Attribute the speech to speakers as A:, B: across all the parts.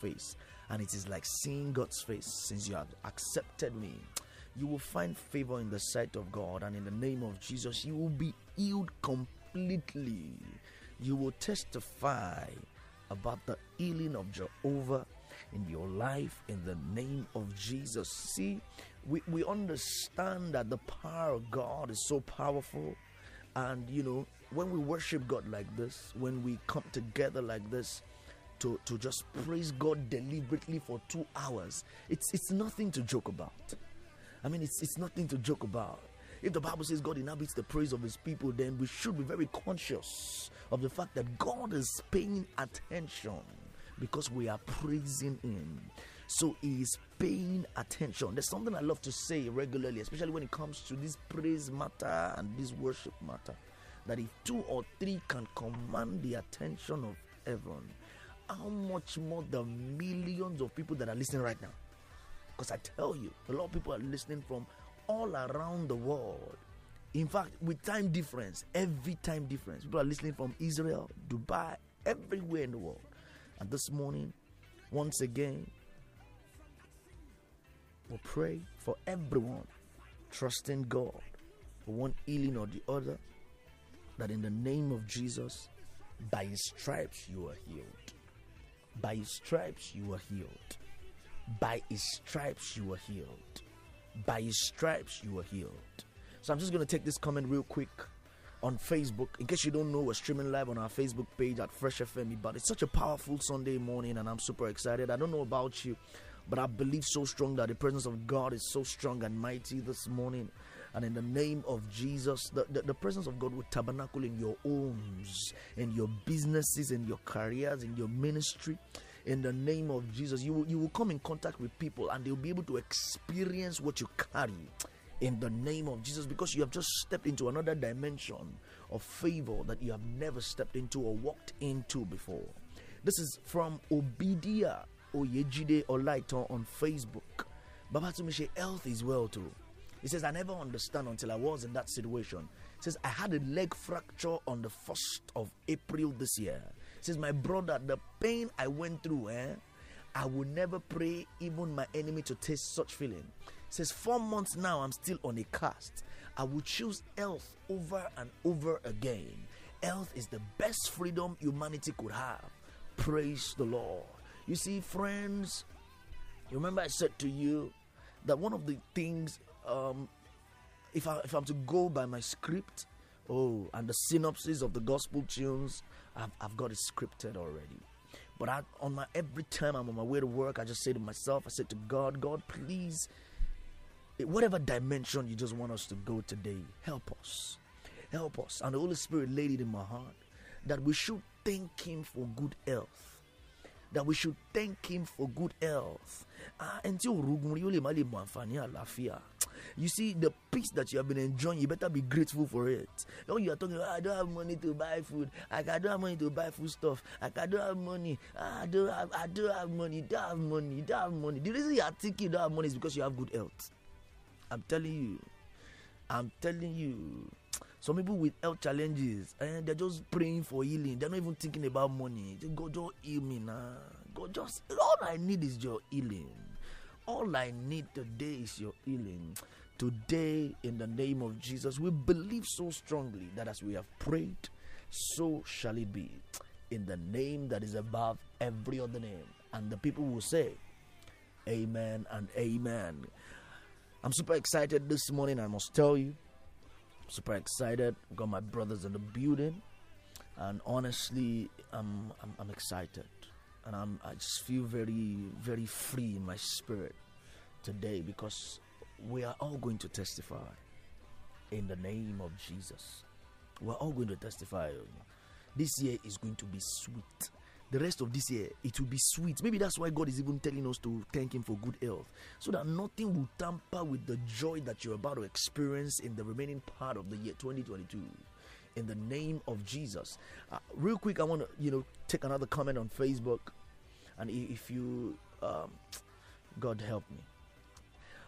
A: face. And it is like seeing God's face since you have accepted me. You will find favor in the sight of God, and in the name of Jesus, you will be healed completely. You will testify about the healing of Jehovah in your life in the name of Jesus. See, we, we understand that the power of God is so powerful. And you know, when we worship God like this, when we come together like this, to, to just praise God deliberately for two hours, it's, it's nothing to joke about. I mean, it's, it's nothing to joke about. If the Bible says God inhabits the praise of his people, then we should be very conscious of the fact that God is paying attention because we are praising him. So he is paying attention. There's something I love to say regularly, especially when it comes to this praise matter and this worship matter. That if two or three can command the attention of heaven, how much more the millions of people that are listening right now? Because I tell you, a lot of people are listening from all around the world. In fact, with time difference, every time difference, people are listening from Israel, Dubai, everywhere in the world. And this morning, once again, we we'll pray for everyone, trusting God for one healing or the other, that in the name of Jesus, by his stripes you are healed. By his stripes you were healed. By his stripes you were healed. By his stripes you were healed. So I'm just going to take this comment real quick on Facebook. In case you don't know, we're streaming live on our Facebook page at Fresh FM. But it's such a powerful Sunday morning, and I'm super excited. I don't know about you, but I believe so strong that the presence of God is so strong and mighty this morning. And in the name of Jesus, the, the, the presence of God will tabernacle in your homes, in your businesses, in your careers, in your ministry in the name of Jesus. You will, you will come in contact with people and they'll be able to experience what you carry in the name of Jesus because you have just stepped into another dimension of favor that you have never stepped into or walked into before. This is from Obidia Oyejide Olaiton on Facebook. Baba Tumishe, health is well too. He says, I never understand until I was in that situation. He says, I had a leg fracture on the 1st of April this year. He says, My brother, the pain I went through, eh? I will never pray even my enemy to taste such feeling. He says, Four months now, I'm still on a cast. I will choose health over and over again. Health is the best freedom humanity could have. Praise the Lord. You see, friends, you remember I said to you that one of the things um, if I if I'm to go by my script, oh, and the synopses of the gospel tunes, I've I've got it scripted already. But I, on my every time I'm on my way to work, I just say to myself, I said to God, God, please, eh, whatever dimension you just want us to go today, help us, help us. And the Holy Spirit laid it in my heart that we should thank Him for good health. That we should thank Him for good health Ah, ẹni tí ò rogun rí ó lè má lè mọ àǹfààní àlàáfíà you see the peace that you have been enjoying you better be grateful for it when oh, you are talking about, ah, i don't have money to buy food i don't have money to buy food stuff i don't have money ah, i don't have i don't have money don't have money don't have money the reason you are thinking you don't have money is because you have good health i'm telling you i'm telling you some people with health challenges and eh, they're just praying for healing they're not even thinking about money they go just heal me now. Nah. God, just all I need is your healing. All I need today is your healing. Today, in the name of Jesus, we believe so strongly that as we have prayed, so shall it be. In the name that is above every other name. And the people will say, Amen and Amen. I'm super excited this morning, I must tell you. I'm super excited. I've got my brothers in the building. And honestly, I'm, I'm, I'm excited and I'm, I just feel very, very free in my spirit today because we are all going to testify in the name of Jesus. We're all going to testify. This year is going to be sweet. The rest of this year, it will be sweet. Maybe that's why God is even telling us to thank Him for good health, so that nothing will tamper with the joy that you're about to experience in the remaining part of the year 2022 in the name of Jesus. Uh, real quick, I want to you know take another comment on Facebook, and if you, um, God help me.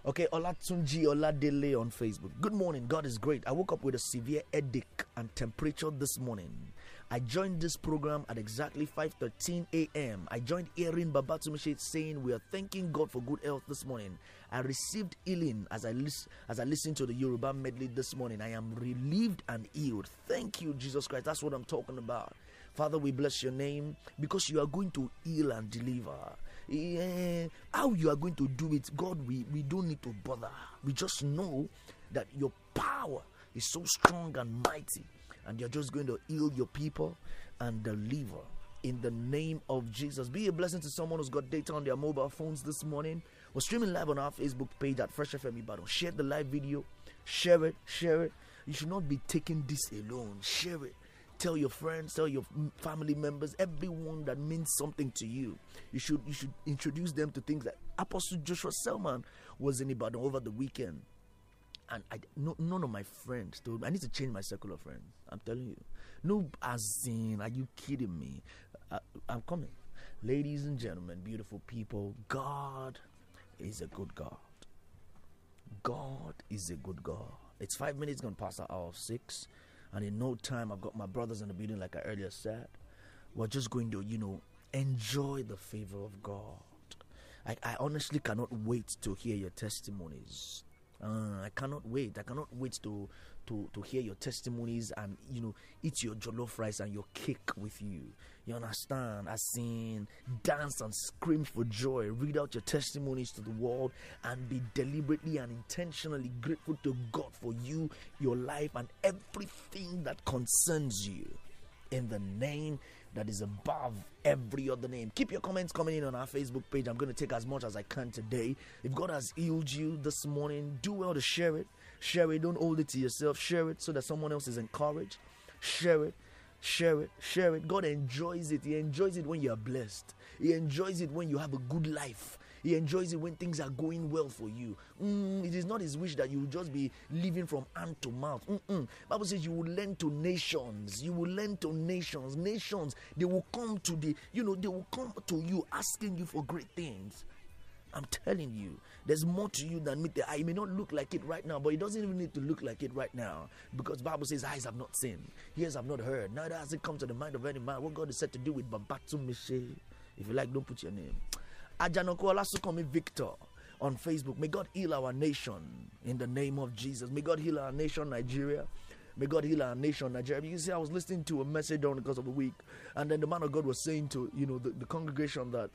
A: Okay, Olatunji Oladele on Facebook. Good morning. God is great. I woke up with a severe headache and temperature this morning. I joined this program at exactly 5:13 a.m. I joined Erin Babatumshe saying we are thanking God for good health this morning. I received healing as I as I listened to the Yoruba medley this morning. I am relieved and healed. Thank you Jesus Christ. That's what I'm talking about. Father, we bless your name because you are going to heal and deliver. Yeah. How you are going to do it, God, we, we don't need to bother. We just know that your power is so strong and mighty and you're just going to heal your people and deliver in the name of Jesus. Be a blessing to someone who's got data on their mobile phones this morning. We're streaming live on our Facebook page at Fresh FM Ibadan. Share the live video, share it, share it. You should not be taking this alone. Share it. Tell your friends, tell your family members, everyone that means something to you. You should you should introduce them to things that Apostle Joshua Selman was in Ibadan over the weekend and I no, none of my friends told me I need to change my circle of friends. I'm telling you, no, as in, are you kidding me? I, uh, I'm coming, ladies and gentlemen, beautiful people. God is a good God. God is a good God. It's five minutes gonna past the hour of six, and in no time, I've got my brothers in the building, like I earlier said. We're just going to, you know, enjoy the favor of God. I, I honestly cannot wait to hear your testimonies uh, I cannot wait. I cannot wait to to to hear your testimonies and you know eat your jollof rice and your cake with you. You understand? I sing, dance and scream for joy. Read out your testimonies to the world and be deliberately and intentionally grateful to God for you, your life, and everything that concerns you. In the name that is above every other name. Keep your comments coming in on our Facebook page. I'm going to take as much as I can today. If God has healed you this morning, do well to share it. Share it. Don't hold it to yourself. Share it so that someone else is encouraged. Share it. Share it, share it. God enjoys it. He enjoys it when you are blessed. He enjoys it when you have a good life. He enjoys it when things are going well for you. Mm, it is not his wish that you will just be living from hand to mouth. Mm-mm. Bible says you will lend to nations. You will lend to nations. Nations, they will come to the, you know, they will come to you asking you for great things. I'm telling you, there's more to you than meet the eye. It may not look like it right now, but it doesn't even need to look like it right now. Because Bible says, eyes have not seen, ears have not heard, neither has it come to the mind of any man what God is said to do with Babatunde. If you like, don't put your name. Ajanoku Olasukomi Victor on Facebook. May God heal our nation in the name of Jesus. May God heal our nation, Nigeria. May God heal our nation, Nigeria. You see, I was listening to a message during the course of the week, and then the man of God was saying to you know the, the congregation that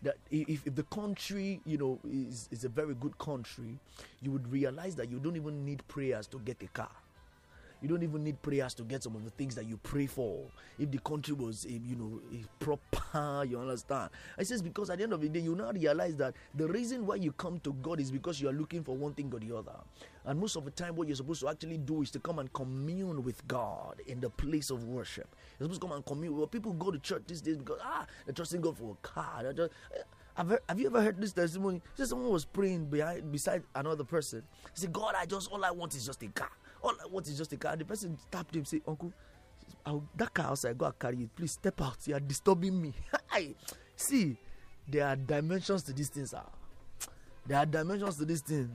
A: that if, if the country you know is, is a very good country, you would realize that you don't even need prayers to get a car you don't even need prayers to get some of the things that you pray for. If the country was, eh, you know, eh, proper, you understand. I says because at the end of the day, you now realize that the reason why you come to God is because you are looking for one thing or the other. And most of the time, what you're supposed to actually do is to come and commune with God in the place of worship. You're supposed to come and commune. Well, people go to church these days because ah, they're trusting God for a car. Just, eh, have, have you ever heard this testimony? Just someone was praying behind beside another person. He said, "God, I just all I want is just a car." All I want is just a car. The person tapped him, say, Uncle, I'll, that car outside, go and carry it. Please step out. You are disturbing me. I see, there are dimensions to these things. Sir. Ah. There are dimensions to this thing.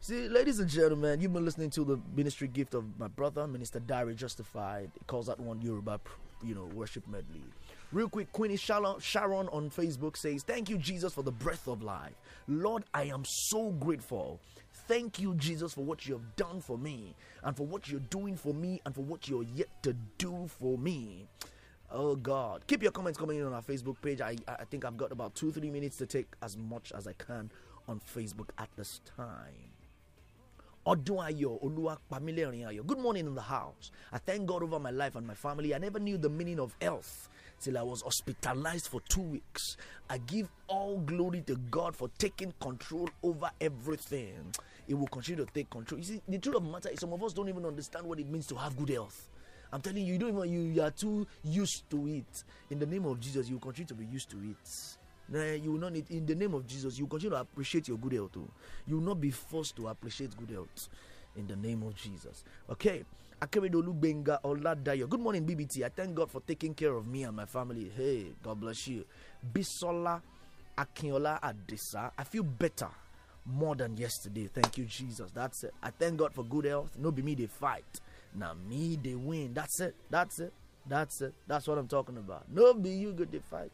A: See, ladies and gentlemen, you've been listening to the ministry gift of my brother, Minister Diary Justified. calls that one Yoruba, you know, worship medley. Real quick, Queenie Sharon on Facebook says, Thank you, Jesus, for the breath of life. Lord, I am so grateful Thank you, Jesus, for what you have done for me, and for what you're doing for me, and for what you're yet to do for me. Oh God. Keep your comments coming in on our Facebook page. I, I think I've got about two, three minutes to take as much as I can on Facebook at this time. Good morning in the house. I thank God over my life and my family. I never knew the meaning of health till I was hospitalized for two weeks. I give all glory to God for taking control over everything it will continue to take control. You see, the truth of the matter is some of us don't even understand what it means to have good health. I'm telling you, you don't even you, you are too used to it. In the name of Jesus, you will continue to be used to it. You will not need in the name of Jesus, you will continue to appreciate your good health. Too. Oh. You will not be forced to appreciate good health. In the name of Jesus. Okay. Akeredolu Benga Oladayo. Good morning, BBT. I thank God for taking care of me and my family. Hey, God bless you. Bisola Akinola Adisa. I feel better more than yesterday. Thank you, Jesus. That's it. I thank God for good health. No be me they fight. Now me they win. That's it. That's it. That's it. That's what I'm talking about. No be you good they fight.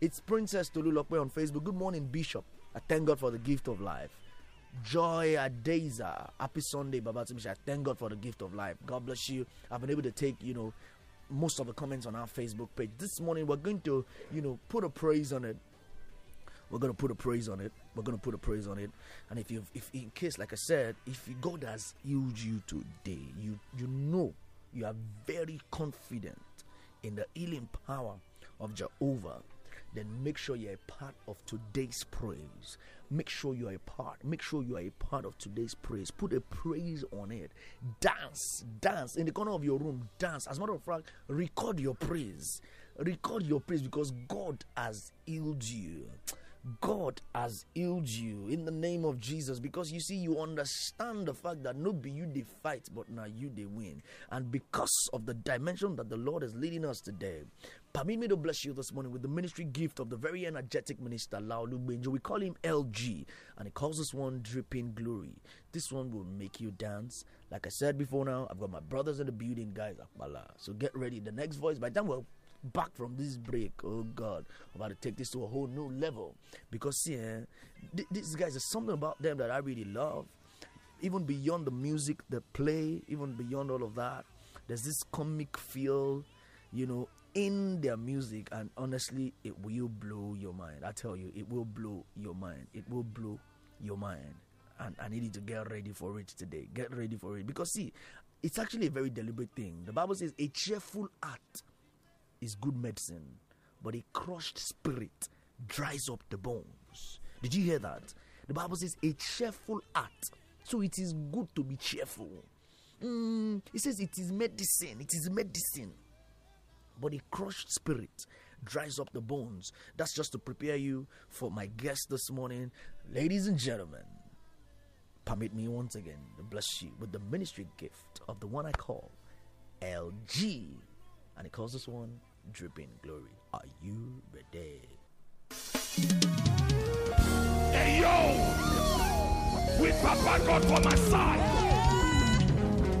A: It's Princess Tolulokwe on Facebook. Good morning, Bishop. I thank God for the gift of life. Joy Adeza. Happy Sunday, Baba I thank God for the gift of life. God bless you. I've been able to take, you know, most of the comments on our Facebook page. This morning we're going to, you know, put a praise on it we're gonna put a praise on it. We're gonna put a praise on it. And if you, if in case, like I said, if God has healed you today, you you know you are very confident in the healing power of Jehovah. Then make sure you're a part of today's praise. Make sure you're a part. Make sure you are a part of today's praise. Put a praise on it. Dance, dance in the corner of your room. Dance. As a matter of fact, record your praise record your praise because God has healed you. God has healed you in the name of Jesus because you see, you understand the fact that no be you they fight, but now you they win. And because of the dimension that the Lord is leading us today, permit me to bless you this morning with the ministry gift of the very energetic minister, Laolu Benjo. We call him LG, and he calls this one Dripping Glory. This one will make you dance. Like I said before now, I've got my brothers in the building, guys. So get ready. The next voice, by the time we're back from this break. Oh God, I'm about to take this to a whole new level because see, eh, th- these guys, there's something about them that I really love. Even beyond the music they play, even beyond all of that, there's this comic feel, you know, in their music. And honestly, it will blow your mind. I tell you, it will blow your mind. It will blow your mind. And I need you to get ready for it today. Get ready for it. Because, see, it's actually a very deliberate thing. The Bible says a cheerful heart is good medicine, but a crushed spirit dries up the bones. Did you hear that? The Bible says a cheerful heart. So it is good to be cheerful. Mm, it says it is medicine. It is medicine. But a crushed spirit dries up the bones. That's just to prepare you for my guest this morning. Ladies and gentlemen, permit me once again to bless you with the ministry gift of the one I call LG. And he calls this one dripping glory. Are you ready? Hey yo! With Papa God for
B: my side.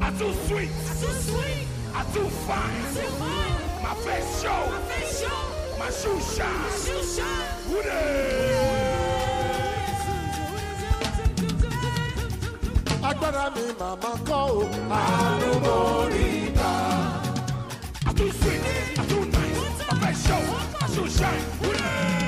B: I too sweet. I too sweet. I too fine. I too fine. My face show. My face show. My shine. My shoe shine. Who the? agbára mi màmá kọ́ ò. àlùmọ́rí ta show, I should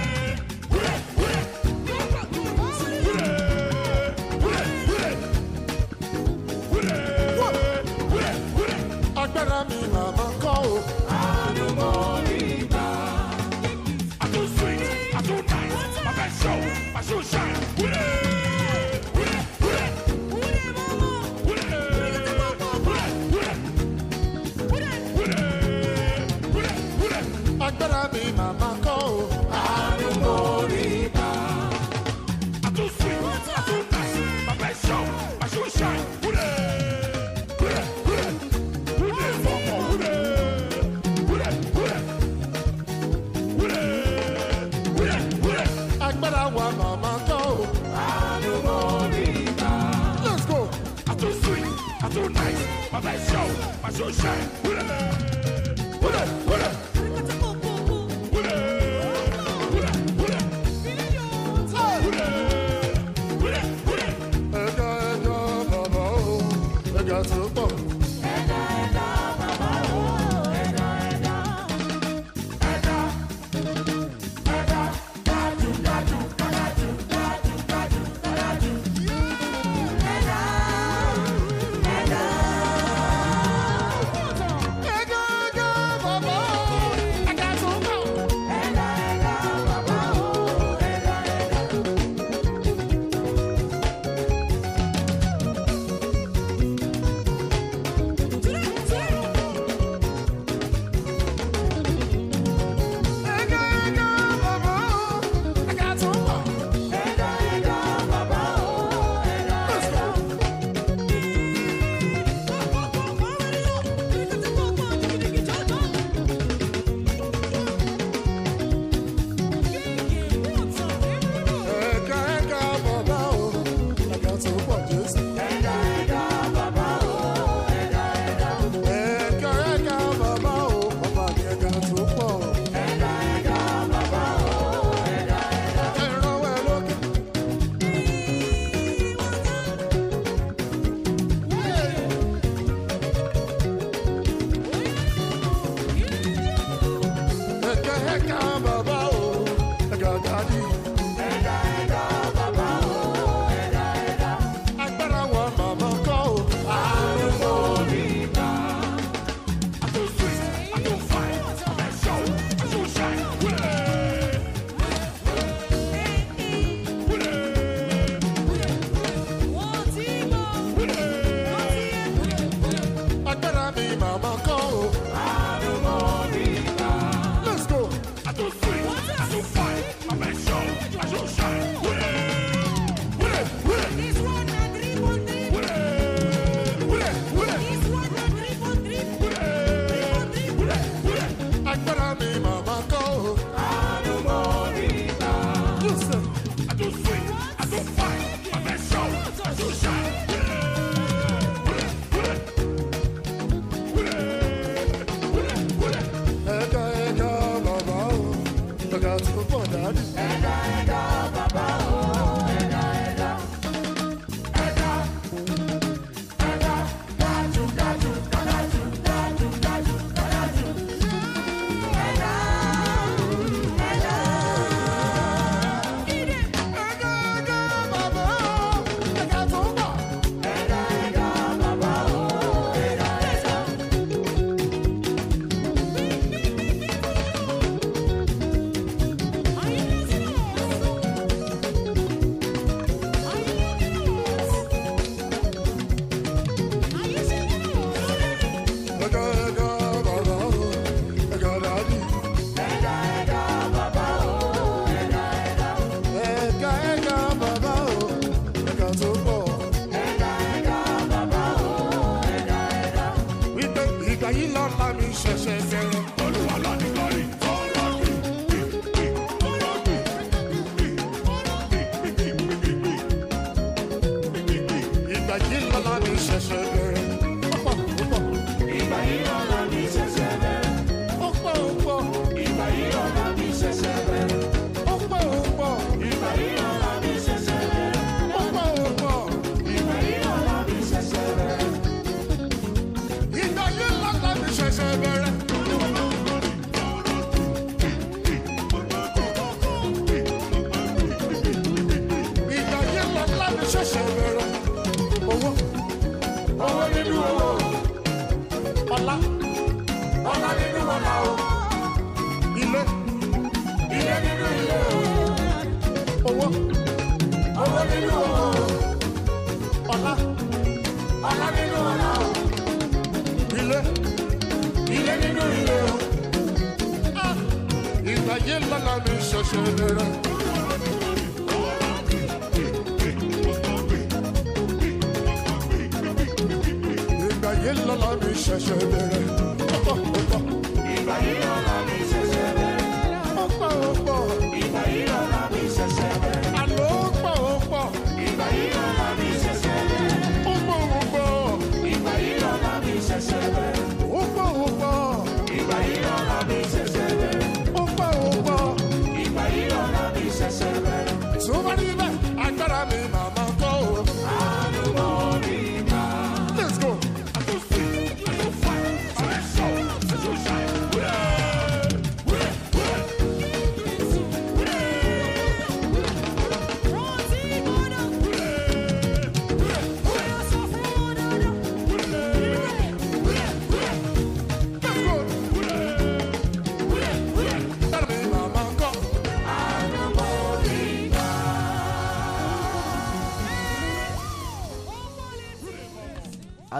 B: Sushi!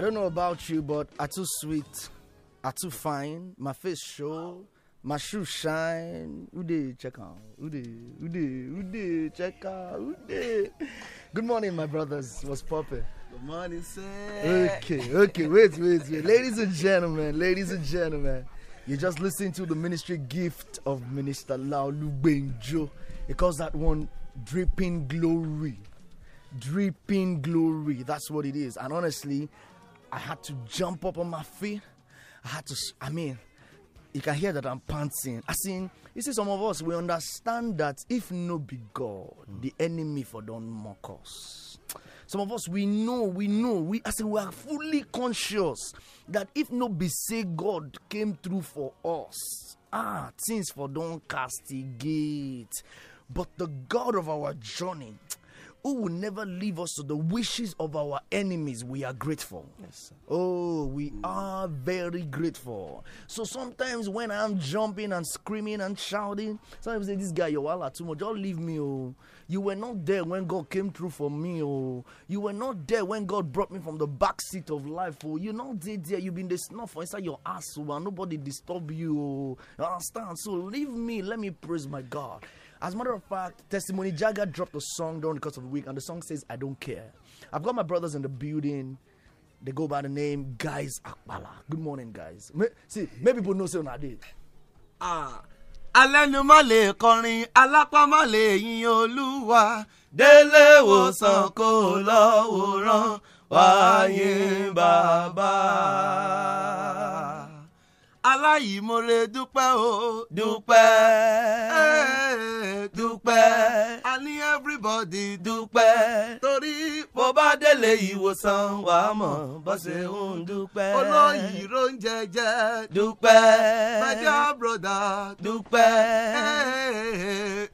A: don't know about you, but I too sweet, I too fine. My face show, my shoes shine. Ude check out, ude ude ude check out, ude. Good morning, my brothers. What's poppin'? Good morning, sir. Okay, okay. Wait, wait, wait. ladies and gentlemen, ladies and gentlemen. You just listen to the ministry gift of Minister Lao Lubenjo. It calls that one dripping glory. Dripping glory. That's what it is. And honestly, I had to jump up on my feet. I had to, I mean, you can hear that I'm panting. I seen, you see, some of us, we understand that if no be God, mm. the enemy for don't mock us. Some of us, we know, we know, we, I say, we are fully conscious that if no be say God came through for us, ah, things for don't castigate. But the God of our journey, who will never leave us to the wishes of our enemies, we are grateful. Yes, oh, we are very grateful. So sometimes when I'm jumping and screaming and shouting, sometimes say, This guy, your wala too much, don't leave me. Oh, You were not there when God came through for me. Oh, you were not there when God brought me from the back seat of life. Oh, You not there. there. You been the snuff inside your ass. Oh, and nobody disturb you. Oh, understand? So leave me. Let me praise my God. As a matter of fact, Testimony Jagger dropped a song during the course of the week, and the song says, I don't care. I've got my brothers in the building. They go by the name Guys Akbala. Good morning, guys. May, see, many people know so now. Ah, alẹ́nu má lè kọrin alápá má lè
C: yin olúwa délé wòsàn kó lọ́wọ́ wáyé bàbá aláìmoore dúpẹ́ o. Eh, dúpẹ́ dúpẹ́ a ní everybody dúpẹ́ torí bó bá délé ìwòsàn wà á mọ̀ bó ṣe ń dúpẹ́. olóyìí
D: ló ń jẹjẹ.
C: dúpẹ́ mẹjọ broda. dúpẹ́ eh.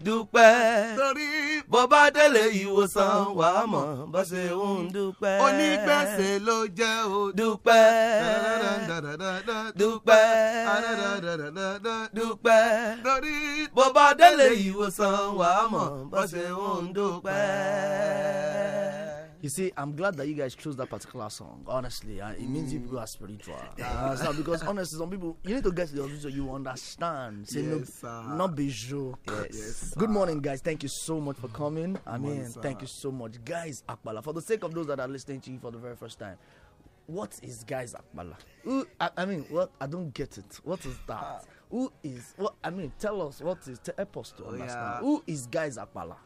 C: dúpẹ́ torí bó bá délé ìwòsàn wà á mọ̀ bó ṣe ń dúpẹ́. onígbèsè ló jẹ́ o. dúpẹ́ dúpẹ́ dúpẹ́ bó bá délé ìwòsàn wàá mọ̀
A: bó ṣe ń dúpẹ́. You see, I'm glad that you guys chose that particular song. Honestly, uh, it mm. means you people are spiritual. Uh, so because honestly, some people you need to get to the audience you understand. Say yes, no, not be sure. Yes. yes Good morning, guys. Thank you so much for coming. I mean, yes, thank you so much, guys. Akbala, for the sake of those that are listening to you for the very first time what is guys Akpala? Who, I, I mean, what I don't get it. What is that? Ah. Who is what? I mean, tell us what is. Help us to oh, understand. Yeah. Who
D: is guys Akpala?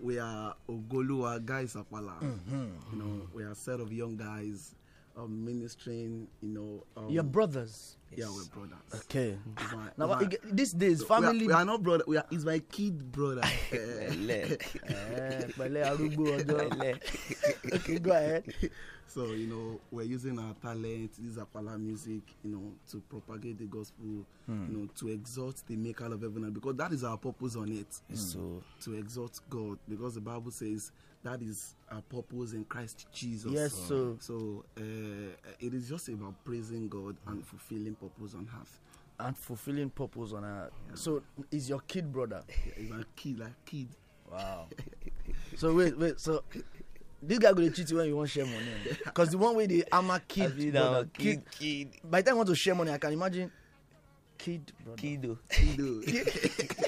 D: We are Ogoluwa guys Akpala. Mm-hmm. You know, we are a set of young guys um, ministering, you know. Um, Your brothers. Yeah, we're brothers. Okay. My, now my, these days, family. We are, we are not brother. We are. It's my kid brother. okay, go ahead. So you know, we're using our talent, this Apala music, you know, to propagate the gospel, mm. you know, to exalt the Maker of heaven, because that is our purpose on it. Mm. So to exalt God, because the Bible says That is our purpose in Christ Jesus. Yes, sir. So uh, it is just about praising God and fulfilling purpose on earth. And fulfilling purpose on earth. Yeah. So is your kid brother? Yeah, he's my kid, like kid.
A: Wow. so wait, wait. So this guy going to cheat you when you want share money. Because the one way the armor kid, brother, kid, kid, kid. By the time I want to share money, I can imagine kid, brother. Kido. Oh. Kido. Oh. Oh.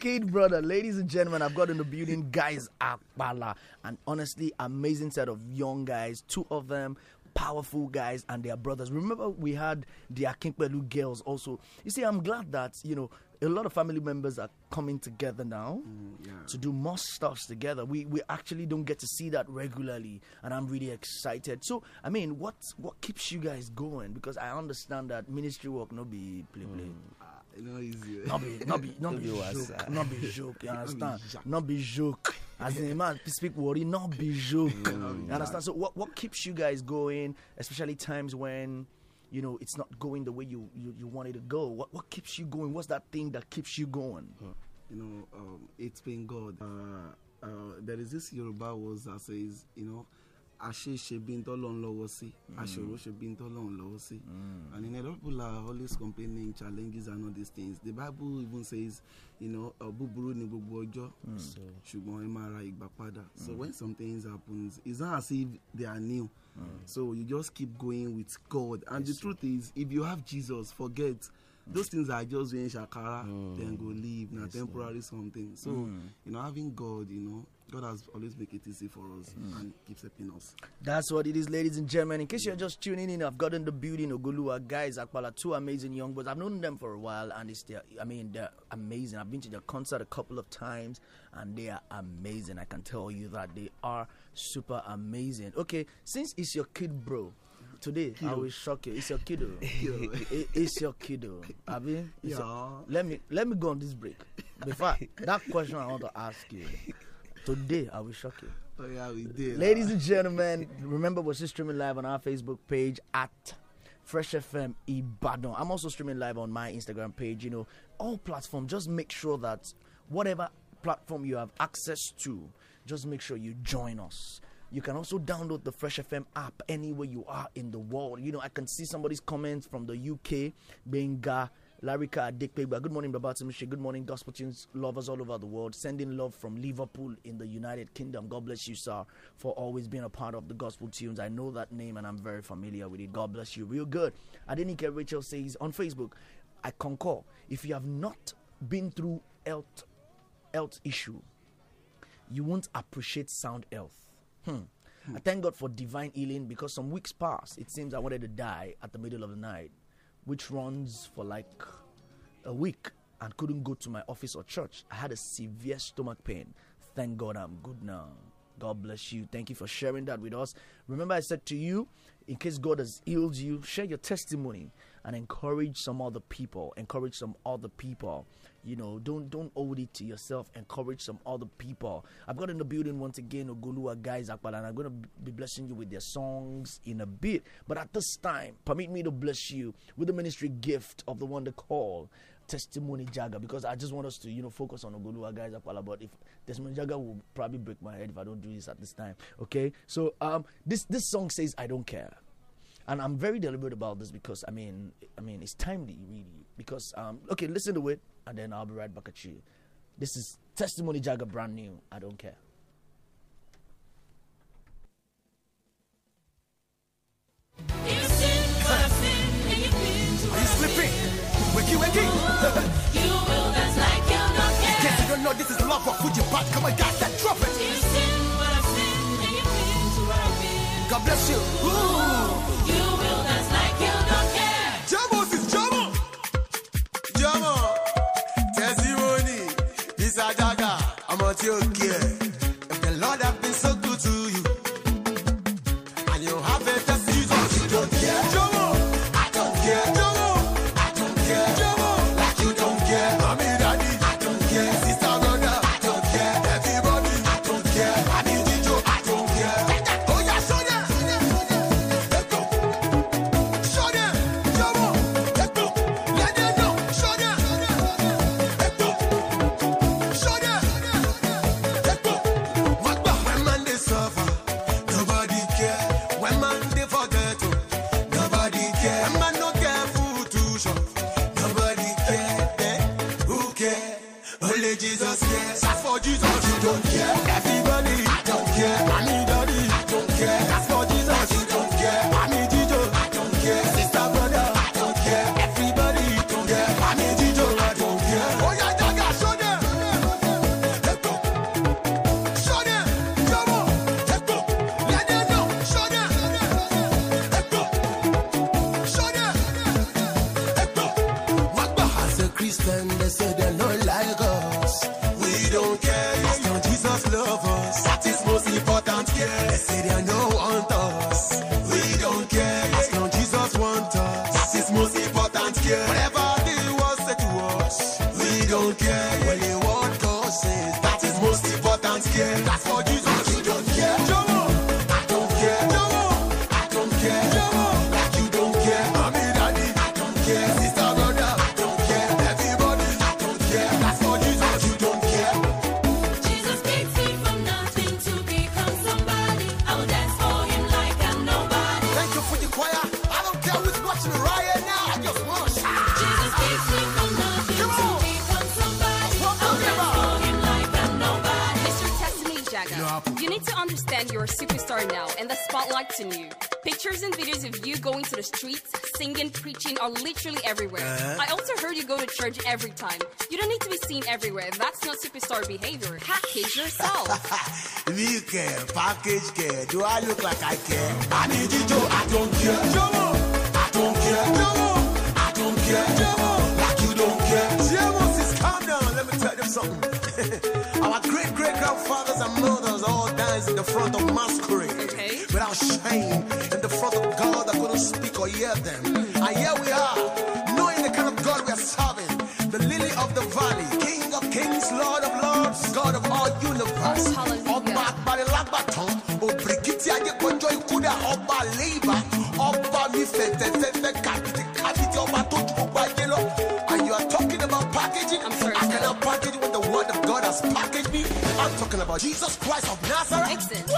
A: Kid Brother. Ladies and gentlemen, I've got in the building guys Akbala. An honestly amazing set of young guys, two of them powerful guys and their brothers. Remember, we had the Akimbelu girls also. You see, I'm glad that, you know, a lot of family members are coming together now mm, yeah. to do more stuffs together. We we actually don't get to see that regularly, and I'm really excited. So I mean, what what keeps you guys going? Because I understand that ministry work no be play play. Mm
D: no eh? Not be, not be, not be joke. Not be joke. You understand?
A: Not be joke. As a man, speak worry, not be joke. You understand? So what, what keeps you guys going, especially times when you know it's not going the way you, you, you
D: wanted to go? What what keeps you going? What's that thing that keeps you going? You know, um, it's been God. Uh, uh, there is this Yoruba word that says, you know, àṣeṣe bí n tọ́lọ́ ń lọ́wọ́ sí àṣòro ṣe bí n tọ́lọ́ ń lọ́wọ́ sí. Mm. Mm. and in a lot of people are always complaining challenges and all these things the bible even says you know búburú ni gbogbo ọjọ́ mm. ṣùgbọ́n ẹ máa ra ìgbà padà so when some things happen it's not as if they are new mm. so you just keep going with God and yes, the truth is if you have Jesus forget those things are just doing shakara mm. then go leave na yes, temporary something so mm. you know having God you know God has always made it easy for us mm. and keeps helping us. That's
A: what it is, ladies and gentlemen. In case you're just tuning in, I've gotten the building Ogulua guys, Akpala, two amazing young boys. I've known them for a while, and it's their, I mean, they're amazing. I've been to their concert a couple of times, and they are amazing. I can tell you that they are super amazing. Okay, since it's your kid, bro, today kiddo. I will shock you. It's your kiddo. Oh. it's your kiddo. Oh. Abi, yeah. Your, let me let me go on this break. Before that question I want to ask you. Today, I will shock you.
D: Oh, yeah, we did. Ladies
A: uh, and gentlemen, remember we're still streaming live on our Facebook page at Fresh FM Ibadan. I'm also streaming live on my Instagram page. You know, all platforms, just make sure that whatever platform you have access to, just make sure you join us. You can also download the Fresh FM app anywhere you are in the world. You know, I can see somebody's comments from the UK, Benga, Larika Adikpegba. Good morning, Babatimishi. Good morning, Gospel Tunes lovers all over the world. Sending love from Liverpool in the United Kingdom. God bless you, sir, for always being a part of the Gospel Tunes. I know that name and I'm very familiar with it. God bless you. Real good. Adenike Rachel says on Facebook, I concur. If you have not been through health, health issue, you won't appreciate sound health. Hmm. hmm. I thank God for divine healing because some weeks past, it seems I wanted to die at the middle of the night which runs for like a week and couldn't go to my office or church. I had a severe stomach pain. Thank God I'm good now. God bless you. Thank you for sharing that with us. Remember, I said to you, in case God has healed you, share your testimony and encourage some other people encourage some other people you know don't don't hold it to yourself encourage some other people i've got in the building once again ogulua guys akpala and i'm going to be blessing you with their songs in a bit but at this time permit me to bless you with the ministry gift of the one to call testimony jagger because I just want us to you know focus on Ogolua guys Apala. But if testimony jagger will probably break my head if I don't do this at this time. Okay, so um, this this song says I don't care and I'm very deliberate about this because I mean, I mean, it's timely, really. Because um, okay, listen to it, and then I'll be right back at you. This is testimony Jagger, brand new. I don't care.
E: Are you sleeping?
F: Wakey, wakey.
G: you will dance like you
F: don't care. In you know, this is the love of Fuji Bat. Come on, guys, that drop it. You've what I've and you've been to what I've been. God bless you. Ooh. You about you care. If the Lord have to the streets, singing, preaching are literally everywhere. Uh-huh. I also heard you go to church every time. You don't need to be seen everywhere. That's not superstar behavior. Package yourself. Me care, package care. Do I look like I care? I need you oh, to, I don't care. Jumbo. I don't care. Jumbo. I don't care. Jumbo. Like you don't care. Jumbo, sis, calm down. Let me tell you something. Our great great grandfathers and mothers all danced in the front of masquerade. Okay. Without shame hallelujah ọba àléìbá ọba mi fẹ̀tẹ̀fẹ̀fẹ̀ kàdìdì kàdìdì ọba tó ju gbogbo ayé lọ and you are talking about packaging I'm sorry. I cannot package when the word of God has packaged me I'm talking about Jesus Christ of Nazareth. Excellent.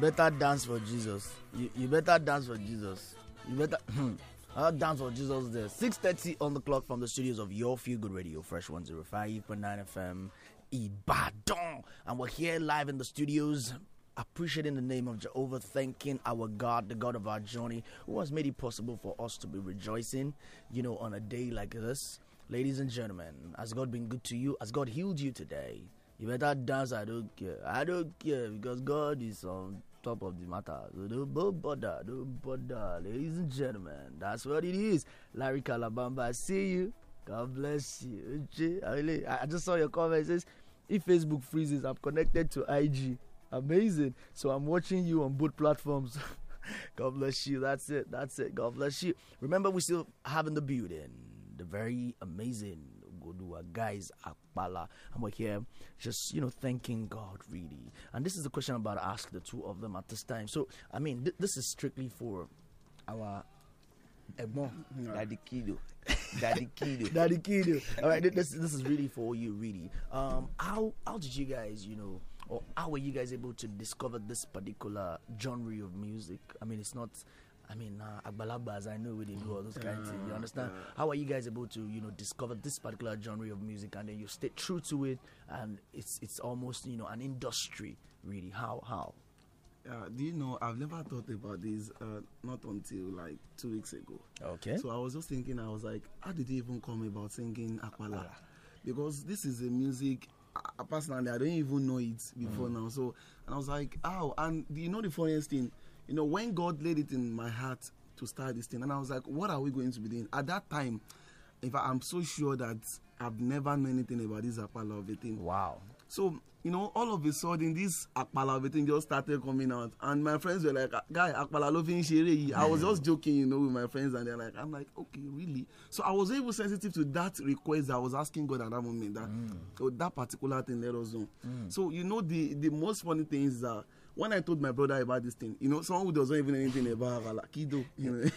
A: better dance for Jesus. You, you better dance for Jesus. You better. Hmm. I'll dance for Jesus there. 6.30 on the clock from the studios of Your Feel Good Radio, Fresh 105.9 FM, Ibadan. And we're here live in the studios, appreciating the name of Jehovah, thanking our God, the God of our journey, who has made it possible for us to be rejoicing, you know, on a day like this. Ladies and gentlemen, has God been good to you? Has God healed you today? You better dance, I don't care. I don't care because God is on top of the matter. don't bother, don't bother, ladies and gentlemen. That's what it is. Larry Calabamba, see you. God bless you. I just saw your comment. It says, if Facebook freezes, I'm connected to IG. Amazing. So I'm watching you on both platforms. God bless you. That's it. That's it. God bless you. Remember, we still have in the building the very amazing guys Akpala. And we're here just, you know, thanking God really. And this is the question I'm about to ask the two of them at this time. So, I mean, th- this is strictly for our Ebon. Mm-hmm. Daddy Kido. Daddy Kido. Daddy Kido. All right, this, this is really for you, really. Um, how, how did you guys, you know, or how were you guys able to discover this particular genre of music? I mean, it's not I mean, uh, Agbalabas, I know where they do all those kinds of things. You ah, understand? How are you guys able to, you know, discover this particular genre of music and then you stay true to it and it's it's
D: almost, you know, an industry really. How how? Uh, do you know I've never thought about this uh, not until like two weeks ago. Okay. So I was just thinking, I was like, how did it even come about singing Aquala? Because this is a music I, personally I don't even know it before mm. now. So and I was like, how? Oh, and do you know the funniest thing? you know, when God laid it in my heart to start this thing, and I was like, what are we going to be doing? At that time, if I'm so sure that I've never known anything about this Apala of a thing. Wow. So, you know, all of a sudden, this Apala of a thing just started coming out. And my friends were like, guy, Apala lo fin shere I was just joking, you know, with my friends. And they're like, I'm like, okay, really? So I was able sensitive to that request I was asking God at that moment. That, mm. so oh, that particular thing let us know. Mm. So, you know, the, the most funny thing is that when I told my brother about this thing, you know, someone who doesn't even anything about Allah, Kido, you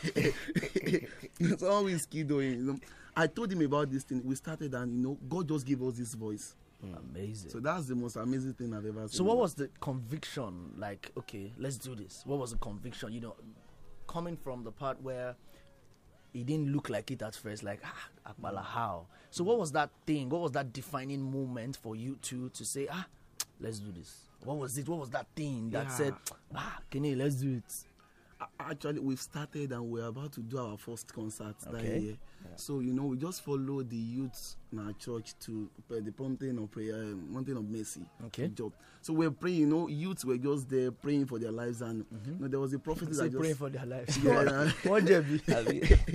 D: know, someone who is Kido, you know, I told him about this thing. We started, and you know, God just gave us this voice. Mm. Amazing. So that's the most amazing thing I've ever seen. So what was the conviction? Like, okay, let's do this. What was the conviction?
A: You know, coming from the part where it didn't look like it at first, like ah, Akbala, mm. how? So what was that thing? What was that defining moment for you two to say, ah,
D: let's do this? what was it? What was that thing that yeah. said, ah, Kenny, let's do it? Actually, we've started and we're about to do our first concert okay. that year. Yeah. So you know, we just follow the youth in our church to uh, the mountain of prayer, um, mountain of mercy. Okay. Job. So we're praying. You know, youths were just there praying for their lives, and mm-hmm. you know, there was a prophecy that just praying for their lives. Yeah. what, what okay.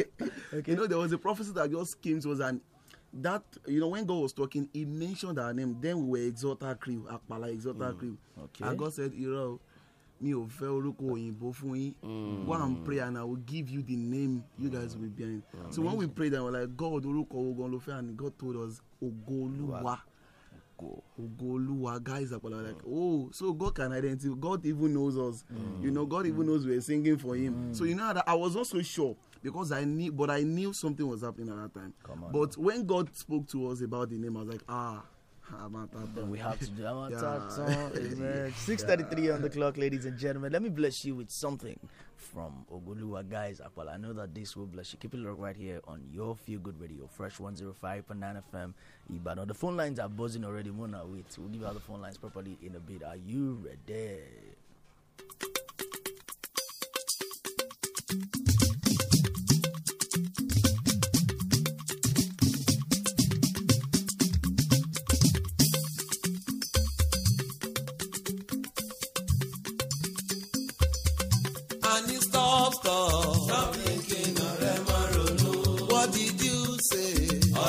D: You know, there was a prophecy that just came to us and that you know when God was talking he mentioned our name then we were exalted crew Apala exalted mm, crew and God said irọ́ o mi ò fẹ́ orúkọ òyìnbó fún yín mm. go and pray and I will give you the name you mm. guys will be bearing so when we prayed and we were like God orúkọ ogun ló fẹ́ and God told us Ogoluwa Ogoluwa guys Apala were like oh so God can identify God even knows us you know God even knows we were singing for him so you know that I was also sure because I knew, but I knew something was happening at that time. But when God spoke to us about the name, I was like, ah. ah we have to do Six thirty-three on the clock, ladies and gentlemen. Let me bless you with something
A: from Ogoluwa guys. Well, I know that this will bless you. Keep it right here on your Feel Good Radio, Fresh One Zero oh Five Point Nine FM, Ibadan. The phone lines are buzzing already. Mona, wait, we'll give out the phone lines properly in a bit. Are you ready?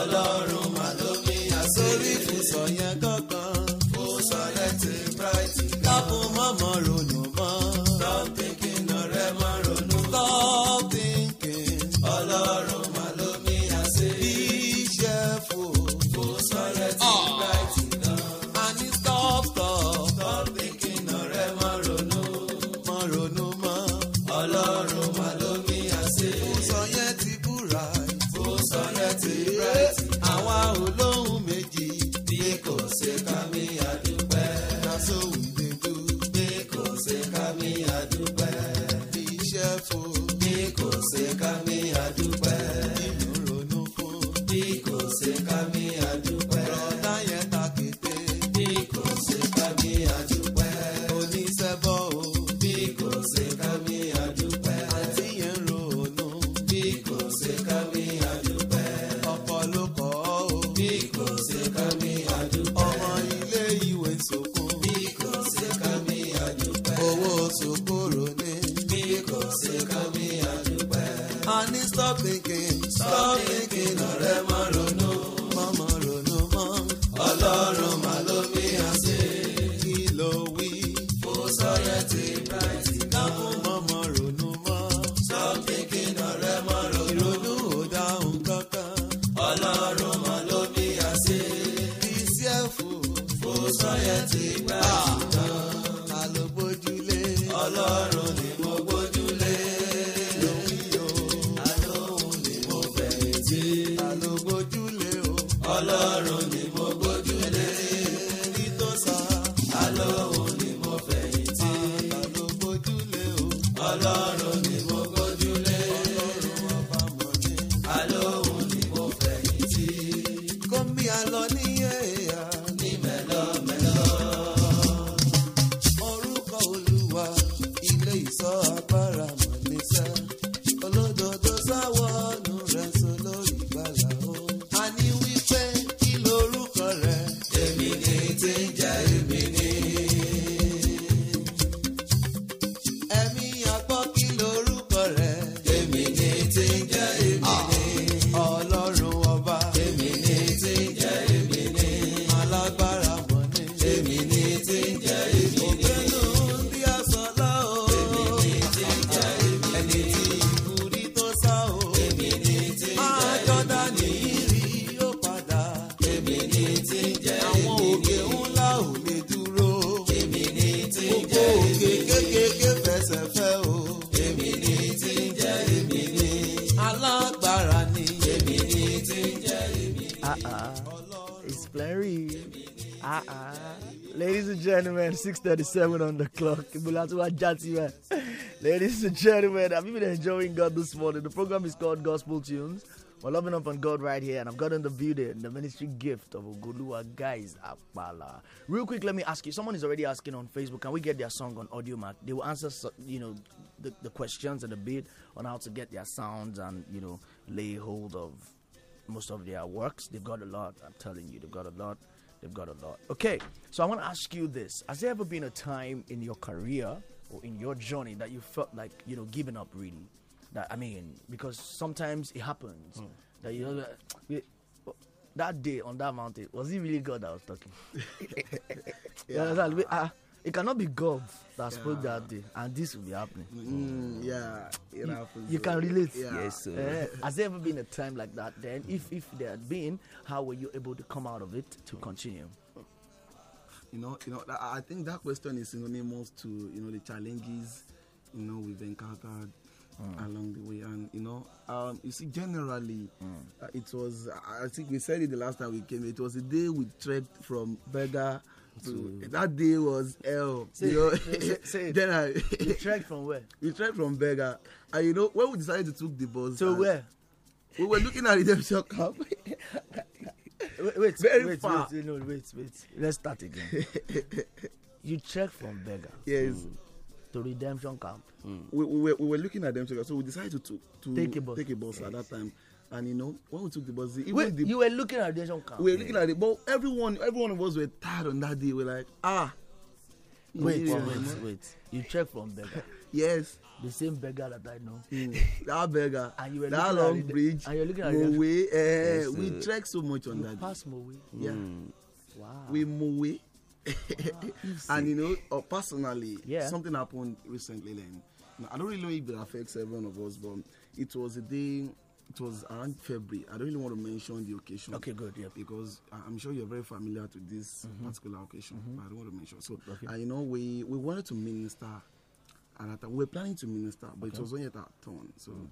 C: ọlọ́run mà lókè àṣẹ. sórí ìfòsàn yẹn kankan. fòsàn lẹ́tì bright. dákun mọ́mọ́ rò. yeah.
A: Ladies and gentlemen, 6.37 on the clock. Ladies and gentlemen, have you been enjoying God this morning? The program is called Gospel Tunes. We're loving up on God right here, and I've gotten the beauty and the ministry gift of Ogulua Guys Apala. Real quick, let me ask you. Someone is already asking on Facebook, can we get their song on audio mark? They will answer, you know, the, the questions and the bit on how to get their sounds and, you know, lay hold of most of their works. They've got a lot, I'm telling you, they've got a lot. They've got a lot. Okay, so I want to ask you this: Has there ever been a time in your career or in your journey that you felt like you know giving up? Really, that I mean, because sometimes it happens mm. that you know that, day on that mountain was it really God I was talking? yeah. yeah. It cannot be God that yeah. spoke that day, and this will be happening. Mm, yeah, it you, happens. You can relate. Yeah. Yes, sir. Uh, has there ever been a time like that? Then, if if
D: there had been, how were you able to come out of it to continue? You know, you know. I think that question is synonymous to you know the challenges you know we've encountered Mm. along the way. And you know, um, you see, generally, mm. uh, it was. I think we said it the last time we came. It was a day we trekked from Bega. to, mm. that day was hell. Say, you know, say, say then I you trekked from where? We trekked from Bega, and you know when we decided to took the bus. So where? We were looking at Redemption Camp. wait, very wait, far.
A: Wait, no, wait, wait.
D: Let's start again. you trekked from Bega? Yes. Mm. To Redemption Camp. Mm. We, we, were, we were looking at Redemption Camp, so we decided to to, to take a bus, take a bus yes. at that time and you know when we took the bus, even Wait, the, you were looking at the Asian camp. We were looking at it, but everyone, every one of us were tired on that day. We're like, ah. Wait, yeah. wait, wait, You check from beggar. yes. The same
A: beggar that I know.
D: Mm. that beggar. And you were that long bridge. And you're looking at Mowe. Uh, yes, uh, we trek so much on you that. Pass Mowe. Yeah. Mm. Wow. We Mowe. wow. and you know, uh, personally, yeah. something happened recently. Then I don't really know if it affects everyone of us, but it was a day it was around February. I don't really want to mention the occasion. Okay, good. Yeah. Because I'm sure you're very familiar to this mm -hmm. particular occasion. Mm -hmm. I don't want to mention. So, okay. uh, you know, we we wanted to minister, and we were planning to minister, but okay. it was only at our turn. So, mm.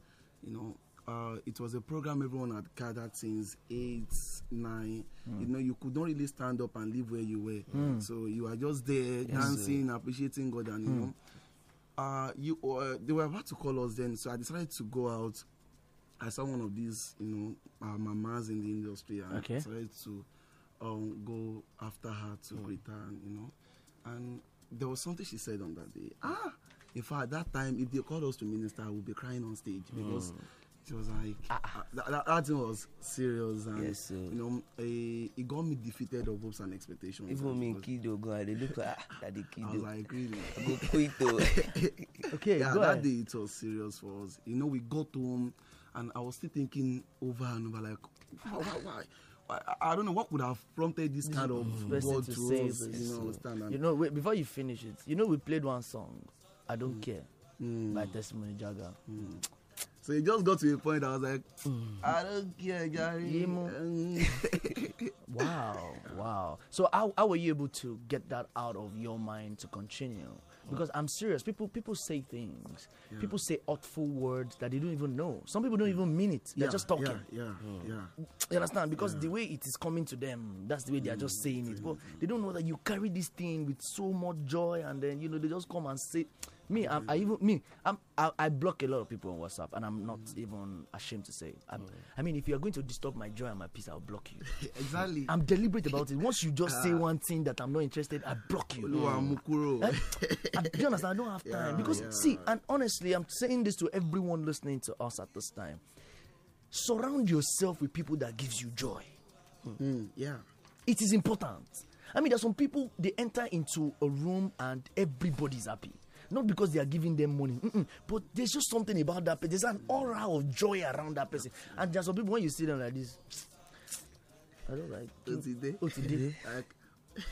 D: you know, uh, it was a program everyone had gathered since eight, nine. Mm. You know, you could not really stand up and leave where you were. Mm. So you are just there yes, dancing, sir. appreciating God, and mm. you know, uh, you uh, they were about to call us then. So I decided to go out I saw one of these, you know, uh, mamas in the industry, and okay. tried to um, go after her to mm. return, you know. And there was something she said on that day. Ah, in fact, that time, if they called us to minister, I would be crying on stage because mm. she was like, ah. uh, that, that, thing was serious, and yes, you know, uh, it got me defeated of hopes and expectations. Even me, Kido, oh God, they look like The ah, Kido, I was oh. like, really, go quit. Oh. okay, yeah, go that ahead. day it was serious for us. You know, we got home and I was still thinking over and over, like, why, why, why? I, I don't know what could have prompted this kind of mm. word to, to us, you know, understand?
A: And you know, wait, before you finish it, you know, we played one song, I Don't mm. Care,
D: mm. by Testimony Jagger. Mm. So it just got to a point I was like, mm. I don't care, Gary.
A: wow, wow. So how, how were you able to get that out of your mind to continue? Because I'm serious. People people say things. Yeah. People say artful words that they don't even know. Some people don't mm. even mean it. They're yeah, just talking.
F: Yeah, yeah, mm. yeah.
A: You understand? Because the way it is coming to them, that's the way they are just saying it. But they don't know that you carry this thing with so much joy, and then you know they just come and say. Me, I'm, I even me, I'm, I, I block a lot of people on WhatsApp, and I'm not mm. even ashamed to say. i mm. I mean, if you are going to disturb my joy and my peace, I'll block you. exactly. I'm deliberate about it. Once you just uh, say ah. one thing that I'm not interested, I block you. Mm. I, eh? I, do you understand? I don't have time yeah, because yeah. see, and honestly, I'm saying this to everyone listening to us at this time. Surround yourself with people that gives you joy. Mm. yeah. It is important. I mean, there's some people they enter into a room and everybody's happy. Not because they are giving them money, Mm-mm. but there's just something about that person. There's an aura of joy around that person. And there's some people when you see them like this, I don't like. Otide. Otide.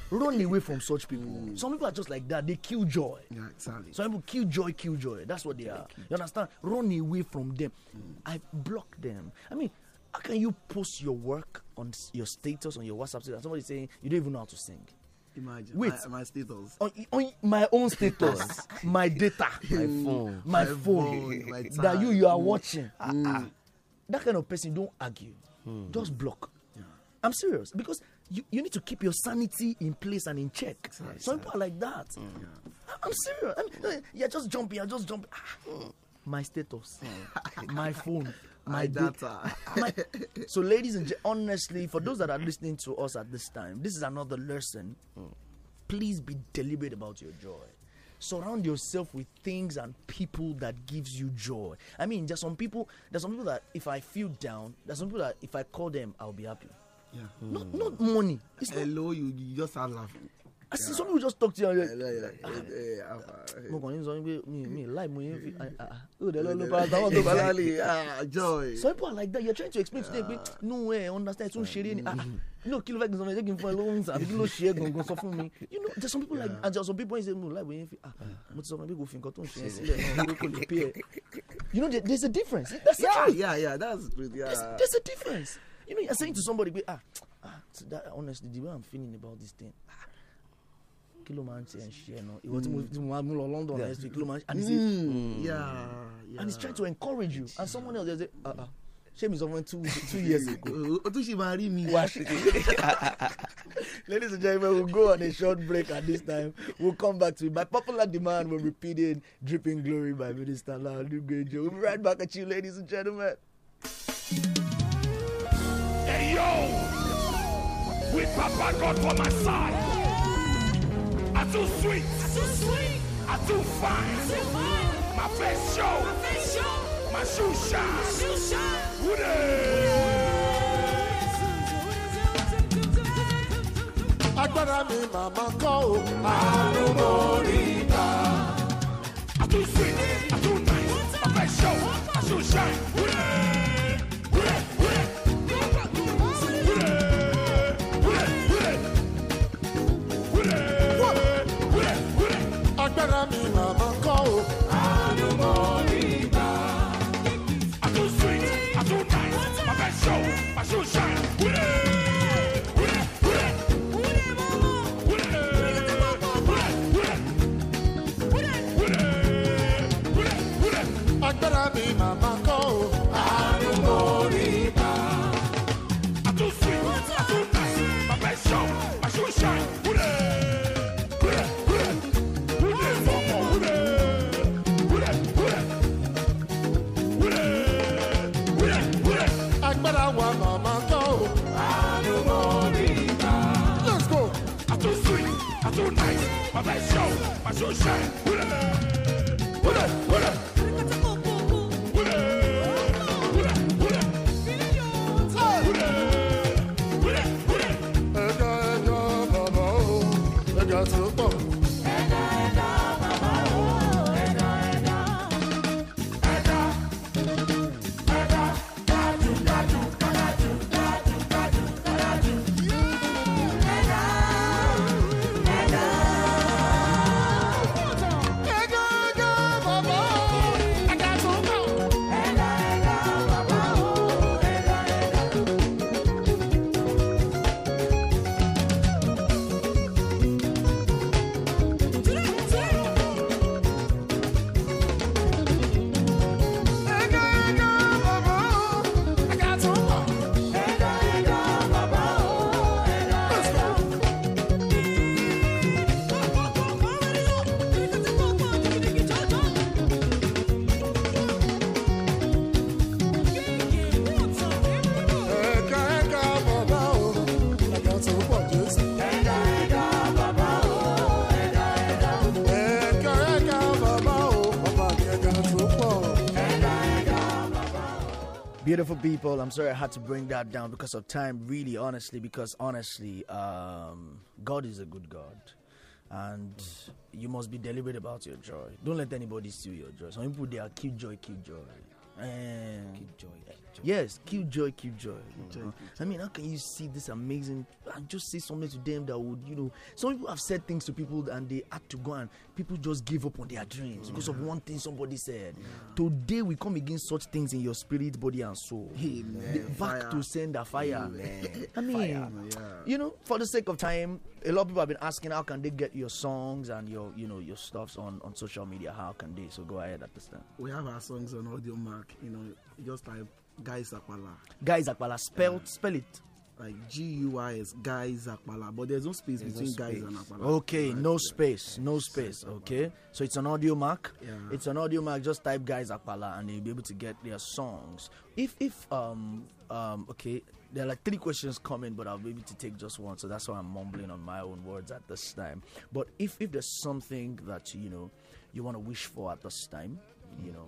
A: Run away from such people. Mm. Some people are just like that. They kill joy. Yeah, exactly. Some people kill joy, kill joy. That's what they are. You understand? Run away from them. Mm. I block them. I mean, how can you post your work on your status on your WhatsApp status? Somebody saying you don't even know how to sing.
D: Imagine wait my, my status
A: on, oh, on oh, my own status my data my phone my, phone, phone that you you are watching mm. Ah, ah that kind of person don't argue mm. just block yeah. i'm serious because you, you need to keep your sanity in place and in check exactly. some people are like that mm. yeah. i'm serious I mean, eh, you're just jumping you're just jumping ah, mm. my status my phone my data. like, so, ladies and gentlemen, honestly, for those that are listening to us at this time, this is another lesson. Mm. Please be deliberate about your joy. Surround yourself with things and people that gives you joy. I mean, there's some people. There's some people that if I feel down, there's some people that if I call them, I'll
D: be happy. Yeah. Mm. Not, hmm. not money. It's Hello, not, you, you just start laughing.
A: I see somebody just talk to you and Mo kàn ní sọ pé mi mi láì mo yín fi mm. ah, ah, ah, ó dẹ̀ lọ́ọ́ ló bá táwọn tó bá lálẹ́. Some people are like that you are trying to explain to them pé no ẹ eh, understand tún ṣeré ni mm. no kí ló fẹ́ kí n sọ fún ẹ jẹ́ kí n fún ẹ lóhùn àbí ṣe é gangan sọ fún mi you know there some people like and there some people wey say mo láì mo yín fi mo ti sọ fún ẹ pé kò fi nǹkan tó ń ṣe é sílẹ̀ náà kò lè pay ẹ you know there is a difference that's the yeah, truth yeah yeah that's true
D: yeah. there's, there's
A: a difference you know you are saying to somebody pé ah ah that, honestly the way I'm feeling about this thing ah kí ló máa ń ṣe ẹ̀ ń ṣe ẹ̀ náà ìwọ tí mm. mo máa mú lọ London next week kí ló máa ń ṣe and he mm. say yeah yeah and he's trying to encourage you and someone else dey say ah ah ṣé mi sọ fún two two years ago. o tún ṣì máa rí mi. wá sí ladies and gentlemen we we'll go on a short break at this time we will come back to you. by popular demand we will dripping glory by minister laolu gbejo we will be right back at you ladies and gentlemen. Hey yo! With Papa God for my side
B: are too sweet. Are too sweet. Are too fine. Are too fine. My face show. My face show. My shoe shine. My shoe shine. Woody. Agbára mi màmá kọ́ o. Àlùmọ́rí ta. Are too sweet. Are too nice. My face show. My shoe shine.
A: beautiful people. I'm sorry I had to bring that down because of time, really, honestly, because honestly, um, God is a good God. And you must be deliberate about your joy. Don't let anybody steal your joy. Some people, they are joy and keep joy. Yes, mm. keep joy, keep joy. Mm-hmm. I mean, how can you see this amazing and just say something to them that would, you know, some people have said things to people and they had to go and people just give up on their dreams because of one thing somebody said. Yeah. Today we come against such things in your spirit, body, and soul. Amen. Back fire. to send the fire. I mean, fire. you know, for the sake of time, a lot of people have been asking how can they get your songs and your, you know, your stuffs on on social media. How can they? So go ahead at this time.
D: We have our songs on Audio mark. You know, just type guys Zapala. Guy Zapala. Spell yeah. spell it. Like G U I S Guy Zapala, but there's no space there's between no space. guys and Apala. Okay, right? no
A: space, no space. Okay, so it's an audio mark. Yeah. It's an audio mark. Just type Guys Apala, and you'll be able to get their songs. If if um um okay, there are like three questions coming, but I'll be able to take just one. So that's why I'm mumbling on my own words at this time. But if if there's something that you know you want to wish for at this time, you know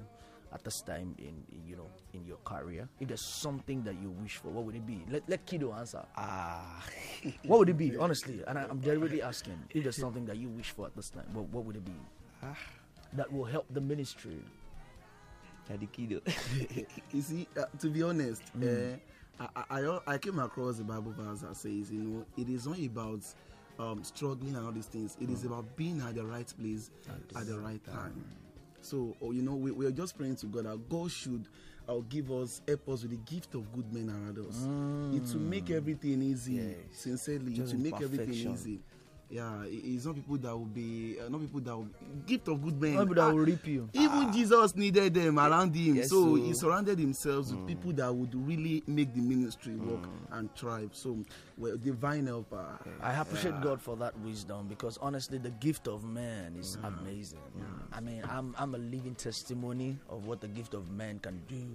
A: at this time in, in, you know in your career? If there's something that you wish for, what would it be? Let let Kido answer. Ah, uh, what would it be? Honestly, and I, am deliberately asking. If there's something that you
D: wish for at this time, what what would it be? Ah. That will help the ministry. Daddy Kido. you see, uh, to be honest, mm. uh, I, I, I came across the Bible verse that says, you know, it is not about um, struggling and all these things. It mm. is hmm. about being at the right place at, at the right time. time. So, oh, you know, we, we are just praying to God that God should uh, give us, help us with the gift of good men around us. Mm. It will make mm. everything easy, yes. sincerely. Just it will make perfection. everything easy. Yeah, it's not people that will be, uh, not people that will gift of good men. Not people that ah, will rip you. Even ah. Jesus needed them around him, yes, so, so, he surrounded himself mm. with people that would really make the ministry mm. work mm. and thrive. So, well, divine helper. I appreciate yeah. God for that wisdom because honestly, the
A: gift of man is mm. amazing. Mm. I mean, I'm I'm a living testimony of what the gift of man can do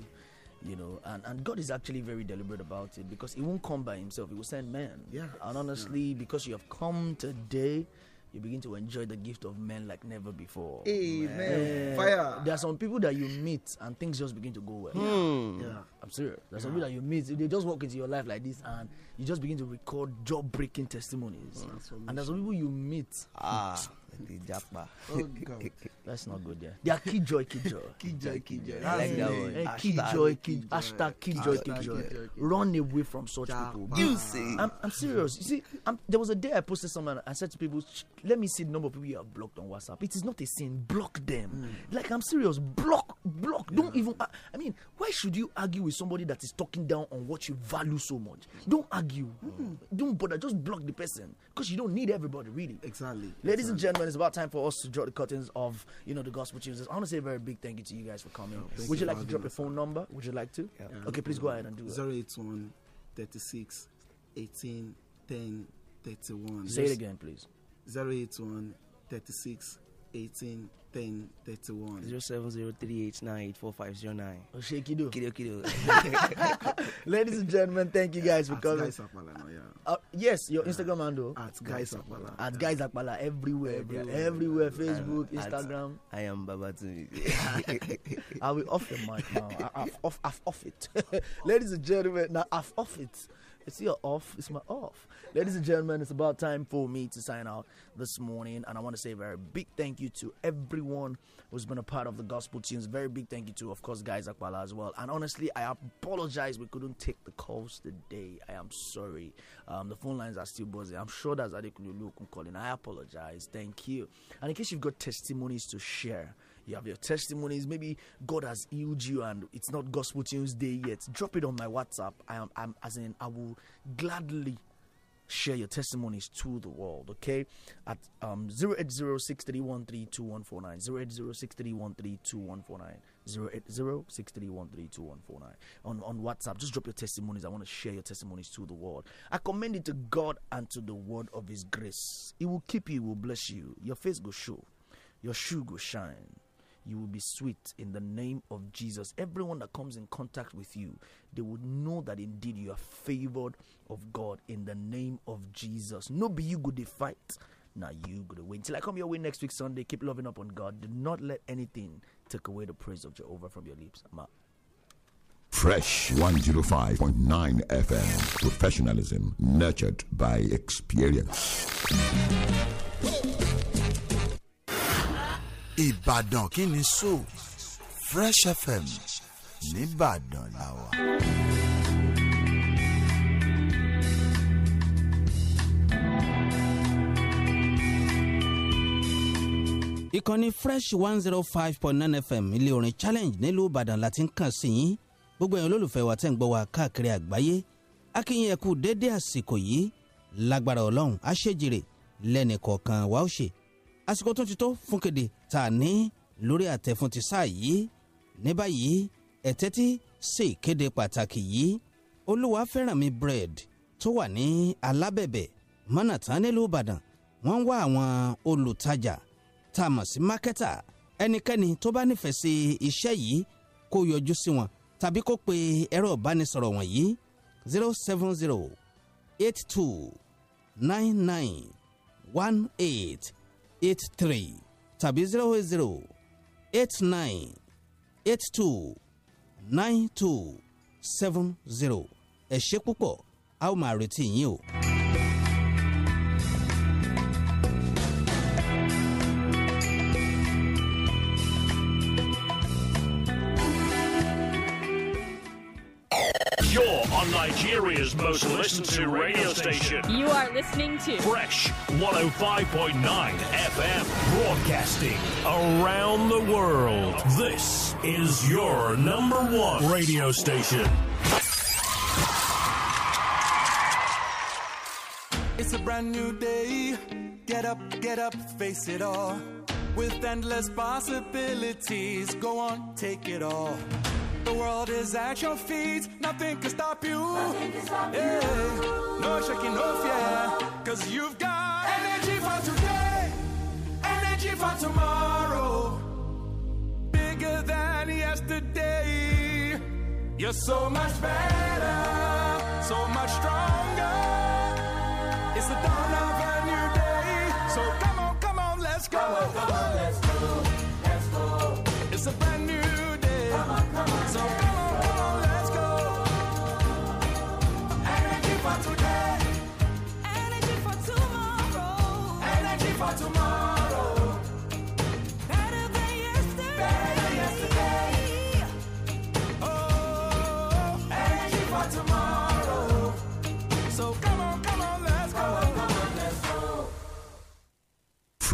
A: you know and, and god is actually very deliberate about it because he won't come by himself he will send men yeah and honestly yeah. because you have come today you begin to enjoy the gift of men like never before. Amen. Uh, Fire. There are some people that you meet and things just begin to go well. Hmm. Yeah, I'm serious. There's yeah. some people that you meet, they just walk into your life like this, and you just begin to record job-breaking testimonies. Oh, and there's some people you meet. Ah the japa. Oh God, let's not go there. They are Killjoy, Killjoy, Killjoy, Killjoy. I like that one. Eh, hey, Killjoy, Killjoy. Hashtag Killjoy, Killjoy. Run away from such japa. people. You see, I'm, I'm serious. You see, I'm, there was a day I posted someone. I said to people, "Let me see the number of people you have blocked on WhatsApp. It is not a sin. Block them. Mm. Like I'm serious. Block, block. Yeah. Don't even. I mean, why should you argue with somebody that is talking down on what you value so much? Don't argue. Mm. Don't bother. Just block the person because you don't need everybody really. Exactly. Ladies exactly. and gentlemen. gentlemen, it's about time for us to draw the curtains of you know the gospel Jesus. I want to say a very big thank you to you guys for coming. Would you like to drop your phone number? Would you like to? Yeah. Okay, please go ahead and do it.
D: 081 36 18 10 31. Say it again, please. 081 36 18 ten thirty one. zero seven zero three eight nine eight four five zero nine. o oh, ṣe kido. kido kido. ladies and gentlemen thank you guys for at coming.
A: at guys apala no yeah. Uh, yes your yeah. instagram handle. at guys apala. at guys apala everywhere everywhere, everywhere facebook I'm, instagram. At, i am babatunde. i will off the mic now i have off i off it ladies and gentlemen na i off it. It's your off. It's my off. Ladies and gentlemen, it's about time for me to sign out this morning. And I want to say a very big thank you to everyone who's been a part of the gospel tunes. Very big thank you to, of course, guys Akwala as well. And honestly, I apologize we couldn't take the calls today. I am sorry. Um, the phone lines are still buzzing. I'm sure that's Adekunle calling. I apologize. Thank you. And in case you've got testimonies to share, you have your testimonies. Maybe God has healed you and it's not Gospel Tuesday yet. Drop it on my WhatsApp. I am, I'm, as in, I will gladly share your testimonies to the world, okay? At um 08063132149, 08063132149, On on WhatsApp, just drop your testimonies. I want to share your testimonies to the world. I commend it to God and to the word of his grace. He will keep you, he will bless you. Your face will show, your shoe will shine you will be sweet in the name of Jesus. Everyone that comes in contact with you, they would know that indeed you are favored of God in the name of Jesus. No be you good to fight. Now you good to win. Till I come your way next week Sunday. Keep loving up on God. Do not let anything take away the praise of Jehovah from your lips. i
F: Fresh 105.9 FM. Professionalism nurtured by experience. Ìbàdàn kí ni so Fresh FM nìbàdàn la wà.
H: ìkànnì fresh one zero oh five point nine fm ilé orin challenge nílùú Ìbàdàn la ti ń kàn sí yín gbogbo ẹ̀yin olólùfẹ́ wa tẹ́ ń gbọ́ wa káàkiri àgbáyé akínyìn ẹ̀kú déédéé àsìkò yìí lágbára Ọlọ́run àṣejìrè lẹ́nìkọ̀ọ̀kan wa ó ṣe àsìkò tó ti tó fún tá a ní lórí àtẹ fún ti sáà yìí ní báyìí ẹ tẹ́tí sí ìkéde pàtàkì yìí Olúwafẹ́rànmi bread tó wà ní alábẹ̀bẹ̀ mọ́nàtán nílùú Ìbàdàn wọ́n ń wá àwọn olùtajà tá a mọ̀ sí mákẹ́tà ẹnikẹ́ni tó bá nífẹ̀ẹ́ sí iṣẹ́ yìí kó yọjú sí wọn tàbí kó pe ẹ̀rọ ìbánisọ̀rọ̀ wọ̀nyí zero seven zero eight two nine nine one eight eight three tàbí zero eight zero eight nine eight two nine two seven zero ẹ ṣé púpọ̀ a ó máa retí yín o.
I: on Nigeria's most listened to radio station. You
H: are listening to Fresh
I: 105.9 FM, broadcasting around the world. This is your number one radio station.
G: It's a brand new day. Get up, get up, face it all. With endless possibilities, go on, take it all. The world is at your feet, nothing can stop you. Can stop yeah. You. No shaking off, yeah. Cause you've got energy for today, energy for tomorrow. Bigger than yesterday. You're so much better, so much stronger. It's the dawn of a new day. So come on, come on, let's go. Come on, come on, let's go.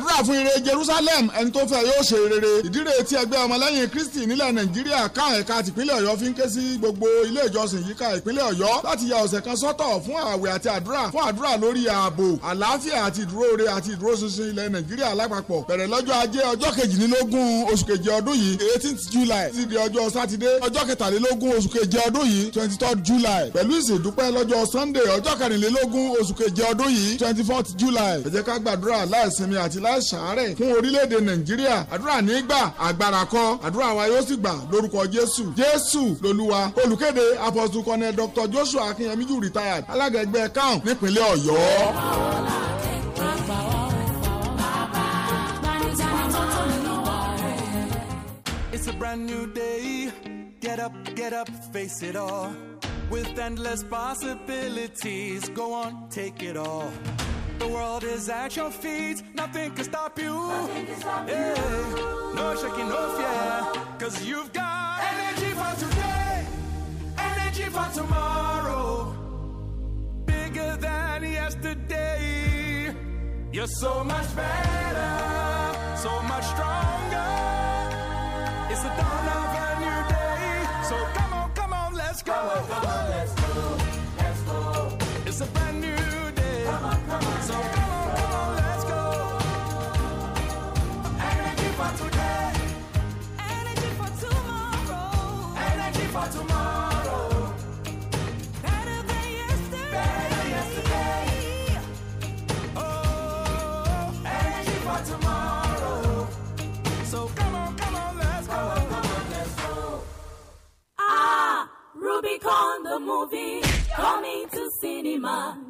B: gbàdúrà fún ire Jerusalem ẹni tó fẹ́ yóò ṣe rere ìdíre tí ẹgbẹ́ ọmọlẹ́yìn Kristi nílẹ̀ Nàìjíríà ká ẹ̀ka tìpínlẹ̀ Ọ̀yọ́ fi ń ké sí gbogbo ilé ìjọsìn yíká ìpínlẹ̀ Ọ̀yọ́ láti ya ọ̀sẹ̀ kan sọ́tọ̀ fún ààwẹ̀ àti àdúrà fún àdúrà lórí ààbò àlàáfíà àti ìdúróore àti ìdúróṣinṣin ilẹ̀ Nàìjíríà lápapọ̀ bẹ̀rẹ̀ lọ́jọ́ ajé ọjọ́ kejìlélógún oṣù keje ọdún yìí eighteenth July ti di ọjọ́ sátidé ọjọ́ kẹtàlélógún oṣù keje ọdún yìí twenty third July pẹ̀lú ìsìndúpẹ́ lọ́jọ́ Sunday ọjọ́ kẹrìnlélógún oṣù keje ọdún yìí twenty fourth July ẹ jẹ́ ká gbàdúrà láìsinmi àti láìsàárẹ̀ fún orílẹ̀-èdè nàìjíríà àdúrà ní àgbàrà kọ́ àdúrà wa yóò sì gbà lórúkọ jésù jésù lolúwa olùkéde apọ́sù dr joshua akínyẹmíjú retired alága ẹgbẹ́ kan nípínlẹ̀ ọ̀yọ́.
G: It's a brand new day. Get up, get up, face it all. With endless possibilities, go on, take it all. The world is at your feet, nothing can stop you. Can stop yeah. You. No shaking off, yeah. Cause you've got energy for today, energy for tomorrow. Bigger than yesterday. You're so much better, so much stronger. It's the dawn of a new day. So come on, come on, let's go. Come on, come on, let's go. on the movie, coming to cinema.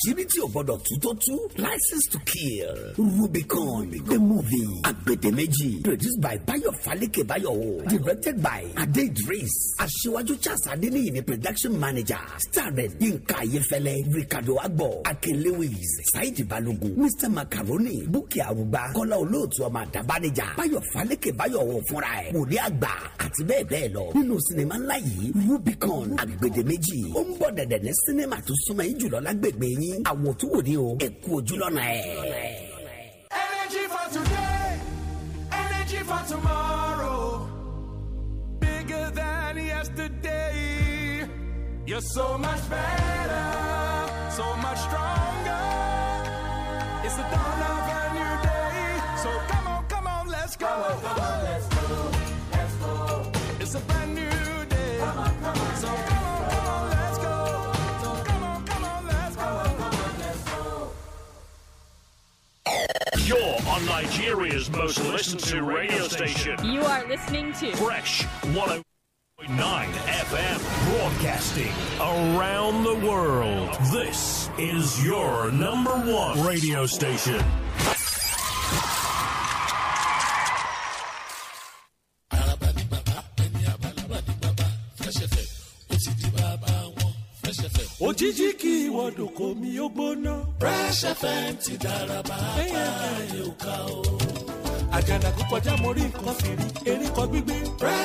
I: àṣírí tí o gbọdọ̀ tú tó tú license to kill rubicon the movie agbedemeji produced by bayo falike bayowo directed by ade idris aṣíwájú charles adeniyi ni production manager starred yinka ayefẹlẹ ricardo agbo akin lewis saidi balogun mr macaroni bukki arugba kọlá olóòtú ọmọ àdàbánijà bayo falike bayowo fúnra ẹ̀ wòlé àgbà àti bẹ́ẹ̀ bẹ́ẹ̀ lọ nínú sinimá ńlá yìí rubicon agbedemeji ó ń bọ̀ dẹ̀dẹ̀ ní sinimá tó súnmọ́ yín jùlọ lágbègbè yín sí àwòtúwòde o ẹ kú ojú lọ́nà ẹ̀. energy for today
G: energy for tomorrow bigger than yesterday you're so much better so much stronger it's the dawn of a new day so come on come on let's go. Come on, come on, let's go. Let's go. It's a brand new day. Come on, come on, so come
I: You're on Nigeria's most listened to radio station. You
H: are listening to Fresh
I: 109 FM, broadcasting around the world. This is your number one radio station.
B: òjijì kí ìwọ́dọ̀ kò mí ó gbóná. Fresh FM ti dára bàbá yóò ká o. àjànàkú kọjá mo nǹkan fìrí erékọ gbígbé.